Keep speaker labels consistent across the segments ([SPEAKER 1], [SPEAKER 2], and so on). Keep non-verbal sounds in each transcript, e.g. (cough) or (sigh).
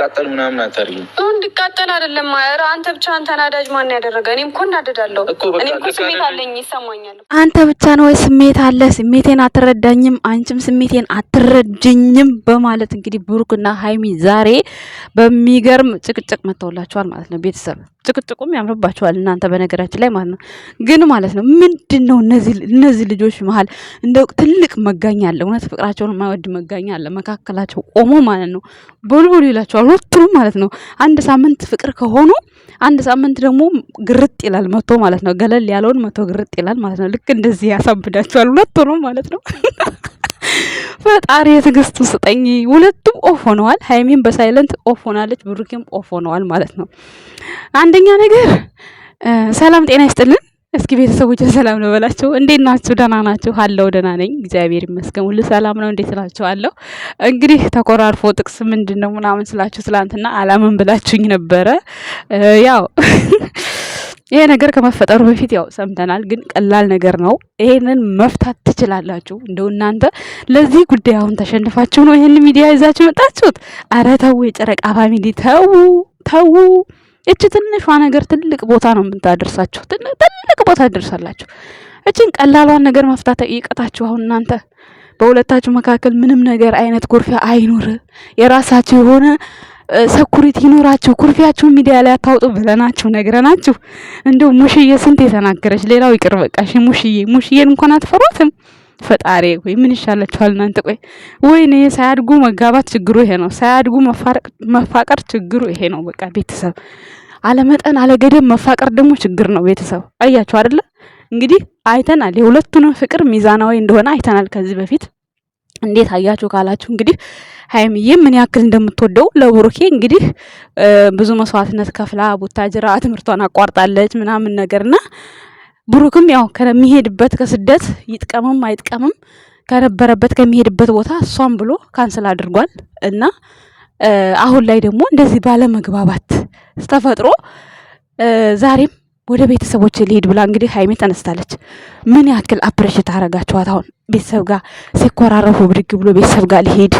[SPEAKER 1] እንድቃጠል ምናምን አታርጊም።
[SPEAKER 2] እንድቃጠል አይደለም አንተ ብቻ አንተ ናዳጅ ማን ያደረገ? እኔም እኮ እናደዳለሁ። እኔ እኮ ስሜት አለኝ ይሰማኛል።
[SPEAKER 3] አንተ ብቻ ነው ወይ ስሜት አለ? ስሜቴን አትረዳኝም፣ አንቺም ስሜቴን አትረጅኝም በማለት እንግዲህ ብሩክና ሀይሚ ዛሬ በሚገርም ጭቅጭቅ መተውላቸዋል ማለት ነው ቤተሰብ ጭቅጭቁም ያምርባቸዋል እናንተ በነገራችን ላይ ማለት ነው። ግን ማለት ነው ምንድን ነው እነዚህ ልጆች መሀል እንደው ትልቅ መጋኛ አለ። እውነት ፍቅራቸውን የማይወድ መጋኛ አለ መካከላቸው ቆሞ ማለት ነው። ቦልቦል ይላቸዋል ሁለቱም ማለት ነው። አንድ ሳምንት ፍቅር ከሆኑ አንድ ሳምንት ደግሞ ግርጥ ይላል መቶ ማለት ነው። ገለል ያለውን መቶ ግርጥ ይላል ማለት ነው። ልክ እንደዚህ ያሳብዳቸዋል ነው ማለት ነው። (laughs) ፈጣሪ የትዕግስቱ ስጠኝ። ሁለቱም ኦፍ ሆነዋል። ሀይሚም በሳይለንት ኦፍ ሆናለች፣ ብሩኬም ኦፍ ሆነዋል ማለት ነው። አንደኛ ነገር ሰላም ጤና ይስጥልን። እስኪ ቤተሰቦች ሰላም ነው እንዴት ናችሁ? ደህና ናችሁ? አለው ደህና ነኝ እግዚአብሔር ይመስገን፣ ሁሉ ሰላም ነው። እንዴት ናችሁ? አለው እንግዲህ ተኮራርፎ ጥቅስ ምንድን ነው ምናምን ስላችሁ ትላንትና አላምን ብላችሁኝ ነበረ ያው ይሄ ነገር ከመፈጠሩ በፊት ያው ሰምተናል፣ ግን ቀላል ነገር ነው። ይሄንን መፍታት ትችላላችሁ። እንደው እናንተ ለዚህ ጉዳይ አሁን ተሸንፋችሁ ነው ይሄን ሚዲያ ይዛችሁ መጣችሁት። አረ ተው፣ የጨረቃ ፋሚሊ ተው ተው። እች ትንሿ ነገር ትልቅ ቦታ ነው የምታደርሳችሁ፣ ትልቅ ቦታ ትደርሳላችሁ። እችን ቀላሏን ነገር መፍታት ይቀጣችሁ አሁን እናንተ በሁለታችሁ መካከል ምንም ነገር አይነት ኩርፊያ አይኑር። የራሳችሁ የሆነ ሰኩሪቲ ይኖራችሁ ኩርፊያችሁን ሚዲያ ላይ አታውጡ ብለናችሁ ነግረናችሁ፣ እንደው ሙሽዬ ስንት የተናገረች ሌላው ይቅር በቃ ሙሽዬ ሙሽዬን እንኳን አትፈሯትም። ፈጣሪ ወይ ምን ይሻላችኋል እናንተ? ቆይ ወይኔ ሳያድጉ መጋባት ችግሩ ይሄ ነው። ሳያድጉ መፋቀር ችግሩ ይሄ ነው። በቃ ቤተሰብ አለመጠን አለገደብ መፋቀር ደግሞ ችግር ነው። ቤተሰብ አያችሁ አይደለ? እንግዲህ አይተናል የሁለቱንም ፍቅር ሚዛናዊ እንደሆነ አይተናል ከዚህ በፊት እንዴት አያችሁ ካላችሁ እንግዲህ ሀይምዬ ምን ያክል እንደምትወደው ለብሩኬ እንግዲህ ብዙ መስዋዕትነት ከፍላ ቡታጅራ ትምህርቷን አቋርጣለች ምናምን ነገርና ብሩክም ያው ከሚሄድበት ከስደት ይጥቀምም አይጥቀምም ከነበረበት ከሚሄድበት ቦታ እሷም ብሎ ካንስል አድርጓል እና አሁን ላይ ደግሞ እንደዚህ ባለመግባባት ተፈጥሮ ዛሬም ወደ ቤተሰቦች ሊሄድ ብላ እንግዲህ ሀይሜ ተነስታለች። ምን ያክል አፕሬሽት አረጋችኋት አሁን ቤተሰብ ጋር ሲኮራረፉ ብድግ ብሎ ቤተሰብ ጋር ሊሄድ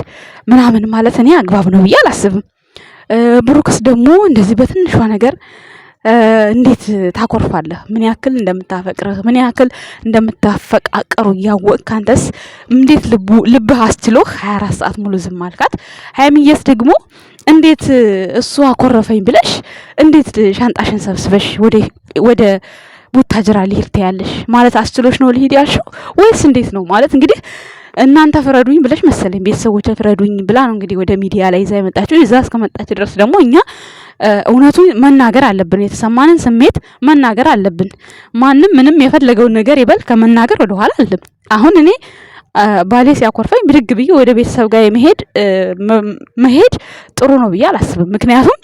[SPEAKER 3] ምናምን ማለት እኔ አግባብ ነው ብዬ አላስብም። ብሩክስ ደግሞ እንደዚህ በትንሿ ነገር እንዴት ታኮርፋለህ? ምን ያክል እንደምታፈቅርህ ምን ያክል እንደምታፈቃቀሩ እያወቅ ካንተስ እንዴት ልብህ አስችሎህ ሀያ አራት ሰዓት ሙሉ ዝም አልካት? ሀይሚዬስ ደግሞ እንዴት እሱ አኮረፈኝ ብለሽ እንዴት ሻንጣሽን ሰብስበሽ ወደ ቡታጅራ ሊሄድ ትያለሽ ማለት አስችሎሽ ነው ሊሄድ ያልሽው ወይስ እንዴት ነው? ማለት እንግዲህ እናንተ ፍረዱኝ ብለሽ መሰለኝ ቤተሰቦች ፍረዱኝ ብላ ነው እንግዲህ ወደ ሚዲያ ላይ ይዛ የመጣችው። እዛ እስከመጣች ድረስ ደግሞ እኛ እውነቱ መናገር አለብን። የተሰማንን ስሜት መናገር አለብን። ማንም ምንም የፈለገውን ነገር ይበል፣ ከመናገር ወደኋላ አለም። አሁን እኔ ባሌ ሲያኮርፈኝ ብድግ ብዬ ወደ ቤተሰብ ጋር መሄድ መሄድ ጥሩ ነው ብዬ አላስብም። ምክንያቱም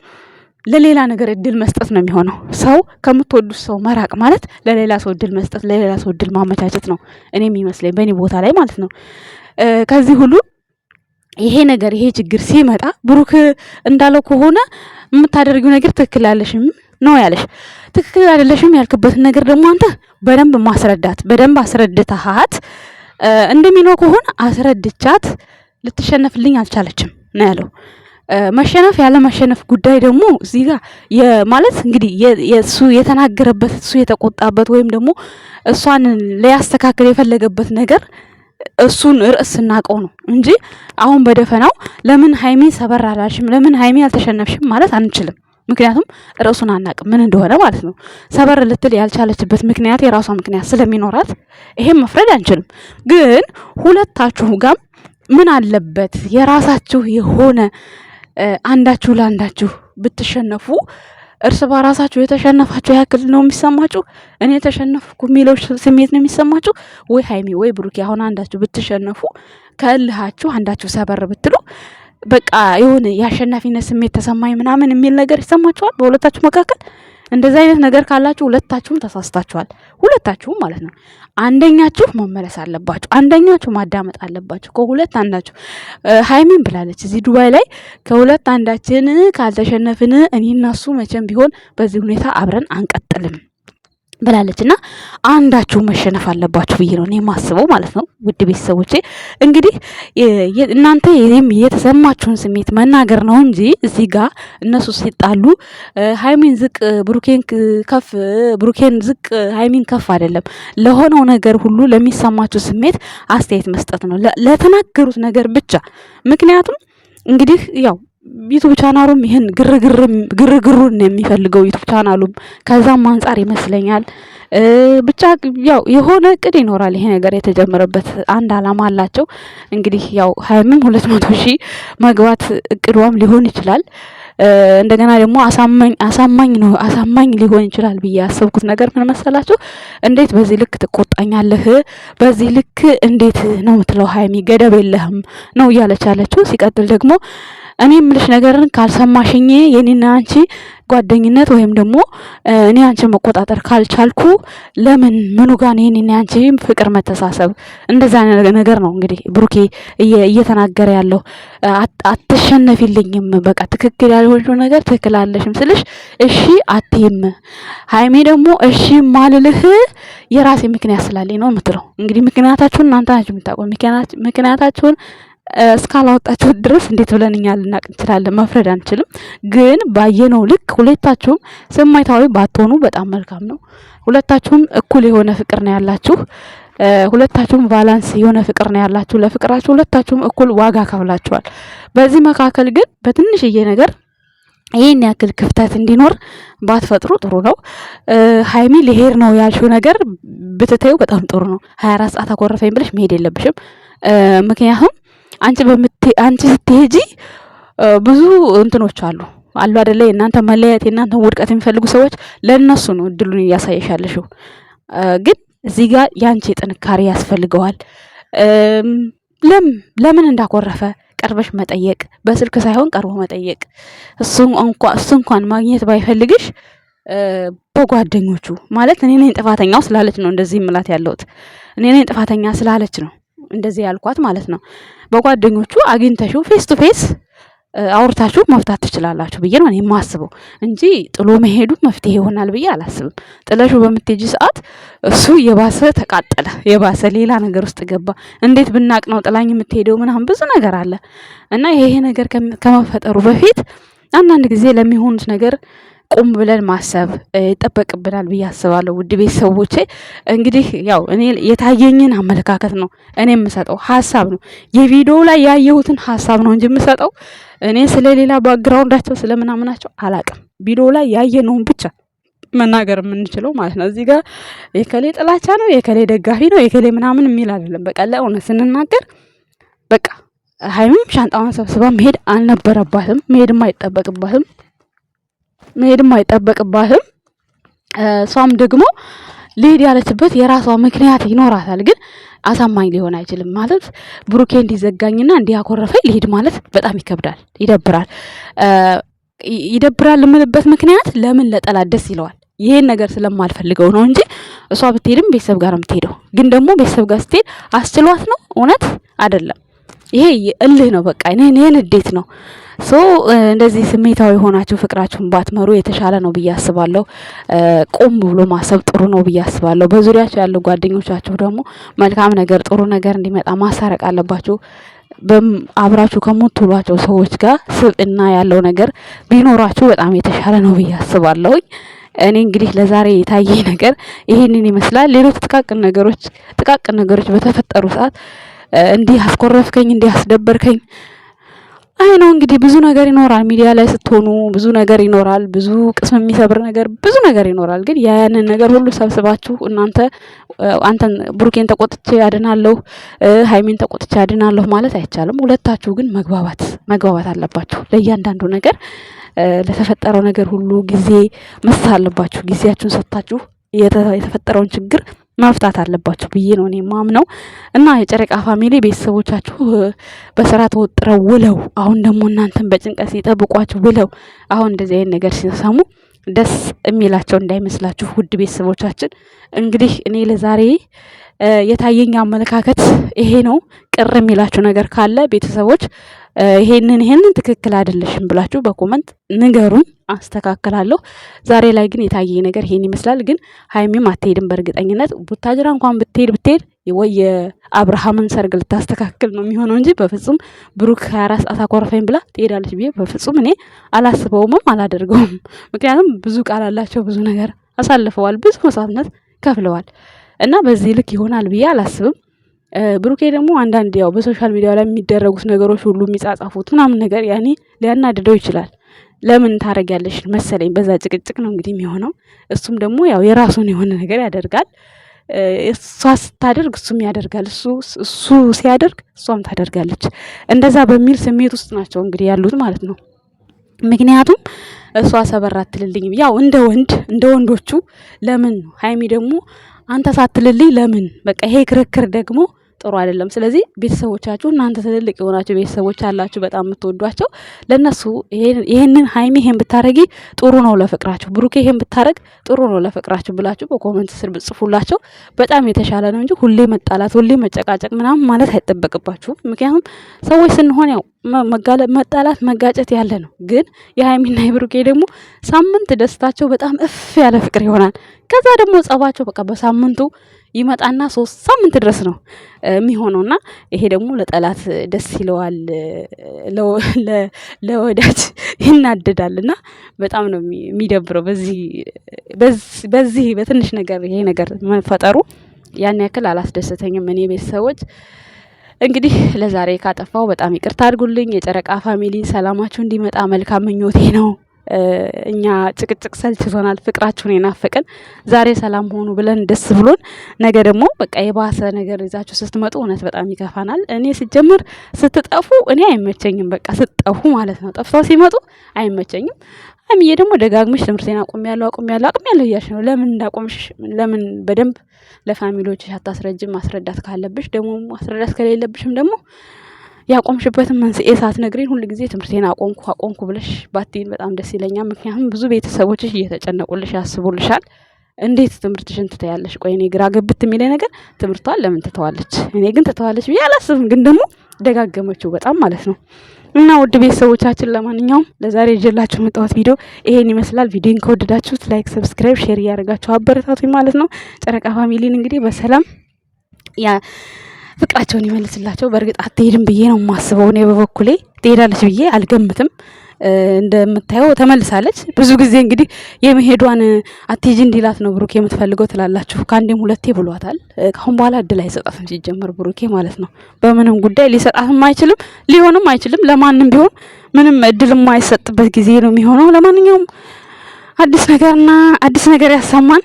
[SPEAKER 3] ለሌላ ነገር እድል መስጠት ነው የሚሆነው። ሰው ከምትወዱት ሰው መራቅ ማለት ለሌላ ሰው እድል መስጠት፣ ለሌላ ሰው እድል ማመቻቸት ነው። እኔ የሚመስለኝ በእኔ ቦታ ላይ ማለት ነው። ከዚህ ሁሉ ይሄ ነገር ይሄ ችግር ሲመጣ ብሩክ እንዳለው ከሆነ የምታደርጊው ነገር ትክክል ያለሽም ነው ያለሽ። ትክክል አይደለሽም ያልክበትን ነገር ደግሞ አንተ በደንብ ማስረዳት በደንብ አስረድተሃት እንደሚለው ከሆነ አስረድቻት ልትሸነፍልኝ አልቻለችም ነው ያለው። መሸነፍ ያለ መሸነፍ ጉዳይ ደግሞ እዚህ ጋር ማለት እንግዲህ እሱ የተናገረበት እሱ የተቆጣበት ወይም ደግሞ እሷን ሊያስተካክል የፈለገበት ነገር እሱን ርዕስ እናቀው ነው እንጂ አሁን በደፈናው ለምን ሀይሚ ሰበር አላልሽም፣ ለምን ሀይሚ አልተሸነፍሽም ማለት አንችልም። ምክንያቱም ርዕሱን አናቅም ምን እንደሆነ ማለት ነው። ሰበር ልትል ያልቻለችበት ምክንያት የራሷ ምክንያት ስለሚኖራት ይሄም መፍረድ አንችልም። ግን ሁለታችሁ ጋም ምን አለበት የራሳችሁ የሆነ አንዳችሁ ለአንዳችሁ ብትሸነፉ እርስ በራሳችሁ የተሸነፋችሁ ያክል ነው የሚሰማችሁ። እኔ የተሸነፍኩ የሚለው ስሜት ነው የሚሰማችሁ ወይ ሀይሚ ወይ ብሩኬ። አሁን አንዳችሁ ብትሸነፉ ከእልሃችሁ አንዳችሁ ሰበር ብትሉ በቃ የሆነ የአሸናፊነት ስሜት ተሰማኝ ምናምን የሚል ነገር ይሰማችኋል በሁለታችሁ መካከል እንደዚህ አይነት ነገር ካላችሁ ሁለታችሁም ተሳስታችኋል። ሁለታችሁም ማለት ነው። አንደኛችሁ መመለስ አለባችሁ። አንደኛችሁ ማዳመጥ አለባችሁ። ከሁለት አንዳችሁ ሀይሚን ብላለች እዚህ ዱባይ ላይ ከሁለት አንዳችን ካልተሸነፍን እኔ እሱ መቼም ቢሆን በዚህ ሁኔታ አብረን አንቀጥልም ብላለች እና አንዳችሁ መሸነፍ አለባችሁ ብዬ ነው የማስበው ማለት ነው። ውድ ቤተሰቦቼ እንግዲህ እናንተ የተሰማችሁን ስሜት መናገር ነው እንጂ እዚህ ጋ እነሱ ሲጣሉ ሀይሚን ዝቅ ብሩኬን ከፍ፣ ብሩኬን ዝቅ ሀይሚን ከፍ አይደለም። ለሆነው ነገር ሁሉ ለሚሰማችሁ ስሜት አስተያየት መስጠት ነው፣ ለተናገሩት ነገር ብቻ ምክንያቱም እንግዲህ ያው ዩቱብ ቻናሉም ይህን ግርግሩን የሚፈልገው። ዩቱብ ቻናሉም ከዛም አንጻር ይመስለኛል ብቻ ያው የሆነ እቅድ ይኖራል። ይሄ ነገር የተጀመረበት አንድ አላማ አላቸው። እንግዲህ ያው ሀይምም ሁለት መቶ ሺህ መግባት እቅዷም ሊሆን ይችላል። እንደገና ደግሞ አሳማኝ አሳማኝ ነው አሳማኝ ሊሆን ይችላል ብዬ ያሰብኩት ነገር ምን መሰላችሁ? እንዴት በዚህ ልክ ትቆጣኛለህ? በዚህ ልክ እንዴት ነው የምትለው ሀይሚ ገደብ የለህም ነው እያለች ያለችው። ሲቀጥል ደግሞ እኔ የምልሽ ነገርን ካልሰማሽኝ የኔና አንቺ ጓደኝነት ወይም ደግሞ እኔ አንቺ መቆጣጠር ካልቻልኩ ለምን ምኑ ጋር የኔና አንቺ ፍቅር መተሳሰብ እንደዛ ነገር ነው እንግዲህ ብሩኬ እየተናገረ ያለው አትሸነፊልኝም። በቃ ትክክል ያልሆንሽው ነገር ትክክል አለሽም ስልሽ እሺ አትይም። ሀይሜ ደግሞ እሺ ማልልህ የራሴ ምክንያት ስላለኝ ነው የምትለው። እንግዲህ ምክንያታችሁን እናንተ ናችሁ የምታውቀው ምክንያታችሁን እስካላወጣችሁት ድረስ እንዴት ብለን እኛ ልናቅ እንችላለን? መፍረድ አንችልም። ግን ባየነው ልክ ሁለታችሁም ስሜታዊ ባትሆኑ በጣም መልካም ነው። ሁለታችሁም እኩል የሆነ ፍቅር ነው ያላችሁ። ሁለታችሁም ቫላንስ የሆነ ፍቅር ነው ያላችሁ። ለፍቅራችሁ ሁለታችሁም እኩል ዋጋ ከፍላችኋል። በዚህ መካከል ግን በትንሽዬ ነገር ይህን ያክል ክፍተት እንዲኖር ባትፈጥሩ ጥሩ ነው። ሀይሚ ልሄድ ነው ያልሽው ነገር ብትተዩ በጣም ጥሩ ነው። ሀያ አራት ሰዓት አኮረፈኝ ብለሽ መሄድ የለብሽም። ምክንያቱም አንቺ አንቺ ስትሄጂ ብዙ እንትኖች አሉ አሉ አይደለ? የእናንተ መለያየት የእናንተ ውድቀት የሚፈልጉ ሰዎች ለእነሱ ነው እድሉን እያሳየሻለሽው። ግን እዚህ ጋር የአንቺ ጥንካሬ ያስፈልገዋል። ለም ለምን እንዳኮረፈ ቀርበሽ መጠየቅ፣ በስልክ ሳይሆን ቀርቦ መጠየቅ። እሱ እንኳን ማግኘት ባይፈልግሽ በጓደኞቹ ማለት እኔ ነኝ ጥፋተኛው ስላለች ነው እንደዚህ ምላት ያለሁት። እኔ ነኝ ጥፋተኛ ስላለች ነው እንደዚህ ያልኳት ማለት ነው። በጓደኞቹ አግኝተሽው ፌስ ቱ ፌስ አውርታችሁ መፍታት ትችላላችሁ ብዬ ነው የማስበው እንጂ ጥሎ መሄዱ መፍትሄ ይሆናል ብዬ አላስብም። ጥለሹ በምትሄጂ ሰዓት እሱ የባሰ ተቃጠለ፣ የባሰ ሌላ ነገር ውስጥ ገባ። እንዴት ብናቅ ነው ጥላኝ የምትሄደው ምናምን ብዙ ነገር አለ እና ይሄ ነገር ከመፈጠሩ በፊት አንዳንድ ጊዜ ለሚሆኑት ነገር ቁም ብለን ማሰብ ይጠበቅብናል ብዬ አስባለሁ። ውድ ሰዎቼ እንግዲህ ያው እኔ የታየኝን አመለካከት ነው እኔ የምሰጠው ሀሳብ ነው። የቪዲዮ ላይ ያየሁትን ሀሳብ ነው እንጂ የምሰጠው እኔ ስለሌላ ባግራውንዳቸው ስለምናምናቸው አላቅም። ቪዲዮ ላይ ያየነውን ብቻ መናገር የምንችለው ማለት ነው። እዚህ ጋር የከሌ ጥላቻ ነው የከሌ ደጋፊ ነው የከሌ ምናምን የሚል አይደለም። በቃ እውነት ስንናገር በቃ ሀይምም ሻንጣዋን ሰብስባ መሄድ አልነበረባትም፣ መሄድም አይጠበቅባትም። መሄድም አይጠበቅባትም። እሷም ደግሞ ልሄድ ያለችበት የራሷ ምክንያት ይኖራታል። ግን አሳማኝ ሊሆን አይችልም። ማለት ብሩኬ እንዲዘጋኝና እንዲያኮረፈኝ ልሄድ ማለት በጣም ይከብዳል፣ ይደብራል። ይደብራል የምልበት ምክንያት ለምን ለጠላት ደስ ይለዋል? ይሄን ነገር ስለማልፈልገው ነው እንጂ እሷ ብትሄድም ቤተሰብ ጋር ነው የምትሄደው። ግን ደግሞ ቤተሰብ ጋር ስትሄድ አስችሏት ነው እውነት አይደለም። ይሄ እልህ ነው። በቃ ይህን እንዴት ነው ሶ እንደዚህ ስሜታዊ ሆናችሁ ፍቅራችሁን ባትመሩ የተሻለ ነው ብዬ አስባለሁ። ቆም ብሎ ማሰብ ጥሩ ነው ብዬ አስባለሁ። በዙሪያችሁ ያለው ጓደኞቻችሁ ደግሞ መልካም ነገር ጥሩ ነገር እንዲመጣ ማሳረቅ አለባችሁ። አብራችሁ ከምትውሏቸው ሰዎች ጋር ስብዕና ያለው ነገር ቢኖራችሁ በጣም የተሻለ ነው ብዬ አስባለሁኝ። እኔ እንግዲህ ለዛሬ የታየ ነገር ይህንን ይመስላል። ሌሎች ጥቃቅን ነገሮች ጥቃቅን ነገሮች በተፈጠሩ ሰዓት እንዲህ አስኮረፍከኝ፣ እንዲህ አስደበርከኝ አይ ነው እንግዲህ ብዙ ነገር ይኖራል። ሚዲያ ላይ ስትሆኑ ብዙ ነገር ይኖራል። ብዙ ቅስም የሚሰብር ነገር፣ ብዙ ነገር ይኖራል። ግን ያንን ነገር ሁሉ ሰብስባችሁ እናንተ አንተን ብሩኬን ተቆጥቼ አድናለሁ፣ ሀይሜን ተቆጥቼ አድናለሁ ማለት አይቻልም። ሁለታችሁ ግን መግባባት መግባባት አለባችሁ። ለእያንዳንዱ ነገር ለተፈጠረው ነገር ሁሉ ጊዜ መስጠት አለባችሁ። ጊዜያችሁን ሰጥታችሁ የተፈጠረውን ችግር መፍታት አለባችሁ ብዬ ነው እኔ እና የጨረቃ ፋሚሊ ቤተሰቦቻችሁ በስራ ተወጥረው ውለው አሁን ደግሞ እናንተን በጭንቀት ሲጠብቋችሁ ውለው አሁን እንደዚህ አይነት ነገር ሲሰሙ ደስ የሚላቸው እንዳይመስላችሁ ውድ ቤተሰቦቻችን። እንግዲህ እኔ ለዛሬ የታየኝ አመለካከት ይሄ ነው። ቅር የሚላችሁ ነገር ካለ ቤተሰቦች ይሄንን ይሄንን ትክክል አይደለሽም ብላችሁ በኮመንት ንገሩኝ፣ አስተካክላለሁ። ዛሬ ላይ ግን የታየ ነገር ይሄን ይመስላል። ግን ሀይሚም አትሄድም በእርግጠኝነት። ቡታጅራ እንኳን ብትሄድ ብትሄድ ወይ የአብርሃምን ሰርግ ልታስተካክል ነው የሚሆነው እንጂ በፍጹም ብሩክ ሀያ አራት ሰዓት አኮረፈኝ ብላ ትሄዳለች ብዬ በፍጹም እኔ አላስበውምም አላደርገውም። ምክንያቱም ብዙ ቃል አላቸው፣ ብዙ ነገር አሳልፈዋል፣ ብዙ መስዋዕትነት ከፍለዋል እና በዚህ ልክ ይሆናል ብዬ አላስብም። ብሩኬ ደግሞ አንዳንድ ያው በሶሻል ሚዲያ ላይ የሚደረጉት ነገሮች ሁሉ የሚጻጻፉት ምናምን ነገር ያኔ ሊያናድደው ይችላል። ለምን ታረጊያለሽ መሰለኝ በዛ ጭቅጭቅ ነው እንግዲህ የሚሆነው። እሱም ደግሞ ያው የራሱን የሆነ ነገር ያደርጋል። እሷ ስታደርግ እሱም ያደርጋል፣ እሱ ሲያደርግ እሷም ታደርጋለች። እንደዛ በሚል ስሜት ውስጥ ናቸው እንግዲህ ያሉት ማለት ነው። ምክንያቱም እሷ ሰበር አትልልኝም ያው እንደ ወንድ እንደ ወንዶቹ ለምን ሀይሚ ደግሞ አንተ ሳትልልኝ ለምን? በቃ ይሄ ክርክር ደግሞ ጥሩ አይደለም። ስለዚህ ቤተሰቦቻችሁ እናንተ ትልልቅ የሆናችሁ ቤተሰቦች አላችሁ፣ በጣም የምትወዷቸው ለእነሱ ይህንን ሀይሚ ይሄን ብታረጊ ጥሩ ነው ለፍቅራችሁ፣ ብሩኬ ይሄን ብታረግ ጥሩ ነው ለፍቅራችሁ ብላችሁ በኮመንት ስር ብጽፉላቸው በጣም የተሻለ ነው እንጂ ሁሌ መጣላት፣ ሁሌ መጨቃጨቅ ምናምን ማለት አይጠበቅባችሁም። ምክንያቱም ሰዎች ስንሆን ያው መጣላት መጋጨት ያለ ነው። ግን የሀይሚና የብሩኬ ደግሞ ሳምንት ደስታቸው በጣም እፍ ያለ ፍቅር ይሆናል። ከዛ ደግሞ ጸባቸው በቃ በሳምንቱ ይመጣና ሶስት ሳምንት ድረስ ነው የሚሆነውና ይሄ ደግሞ ለጠላት ደስ ይለዋል፣ ለወዳጅ ይናደዳል። እና በጣም ነው የሚደብረው በዚህ በትንሽ ነገር ይሄ ነገር መፈጠሩ ያን ያክል አላስደሰተኝም እኔ ቤተሰቦች እንግዲህ ለዛሬ ካጠፋው በጣም ይቅርታ አድርጉልኝ። የጨረቃ ፋሚሊ ሰላማችሁ እንዲመጣ መልካም ምኞቴ ነው። እኛ ጭቅጭቅ ሰልችቶናል፣ ፍቅራችሁን የናፈቀን። ዛሬ ሰላም ሆኑ ብለን ደስ ብሎን፣ ነገ ደግሞ በቃ የባሰ ነገር ይዛችሁ ስትመጡ እውነት በጣም ይከፋናል። እኔ ስጀምር ስትጠፉ እኔ አይመቸኝም፣ በቃ ስትጠፉ ማለት ነው። ጠፍተው ሲመጡ አይመቸኝም። አምዬ ደግሞ ደጋግመሽ ትምህርቴን ያለው አቁሜያለሁ ያለው እያልሽ ነው። ለምን እንዳቆምሽ ለምን በደንብ ለፋሚሊዎችሽ አታስረጅም? ማስረዳት ካለብሽ ደግሞ ማስረዳት ከሌለብሽም ደግሞ ያቆምሽበትን መንስኤ ሳትነግሪን ሁሉ ጊዜ ትምህርቴን አቆምኩ አቆምኩ ብለሽ ባትይን በጣም ደስ ይለኛል። ምክንያቱም ብዙ ቤተሰቦችሽ እየተጨነቁልሽ ያስቡልሻል። እንዴት ትምህርትሽን ትተያለሽ? ቆይ እኔ ግራ ገብት የሚለኝ ነገር ትምህርቷን ለምን ትተዋለች? እኔ ግን ትተዋለች ብዬ አላስብም። ግን ደግሞ ደጋገመችው በጣም ማለት ነው። እና ውድ ቤተሰቦቻችን ለማንኛውም ለዛሬ ይዤላችሁ መጣሁት ቪዲዮ ይሄን ይመስላል። ቪዲዮን ከወደዳችሁት ላይክ፣ ሰብስክራይብ፣ ሼር እያደረጋችሁ አበረታቱኝ ማለት ነው። ጨረቃ ፋሚሊን እንግዲህ በሰላም ያ ፍቅራቸውን ይመልስላቸው። በእርግጥ አትሄድም ብዬ ነው የማስበው እኔ በበኩሌ ትሄዳለች ብዬ አልገምትም። እንደምታየው ተመልሳለች። ብዙ ጊዜ እንግዲህ የመሄዷን አቴጅ እንዲላት ነው ብሩኬ የምትፈልገው ትላላችሁ። ከአንዴም ሁለቴ ብሏታል። ካሁን በኋላ እድል አይሰጣትም ሲጀመር ብሩኬ ማለት ነው። በምንም ጉዳይ ሊሰጣትም አይችልም፣ ሊሆንም አይችልም። ለማንም ቢሆን ምንም እድል የማይሰጥበት ጊዜ ነው የሚሆነው። ለማንኛውም አዲስ ነገርና አዲስ ነገር ያሰማን።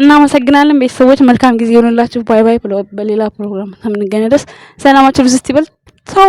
[SPEAKER 3] እናመሰግናለን ቤተሰቦች፣ መልካም ጊዜ ይሆንላችሁ። ባይ ባይ። በሌላ ፕሮግራም ከምንገናኝ ድረስ ሰላማችሁ ብዙ ይበል። ሰው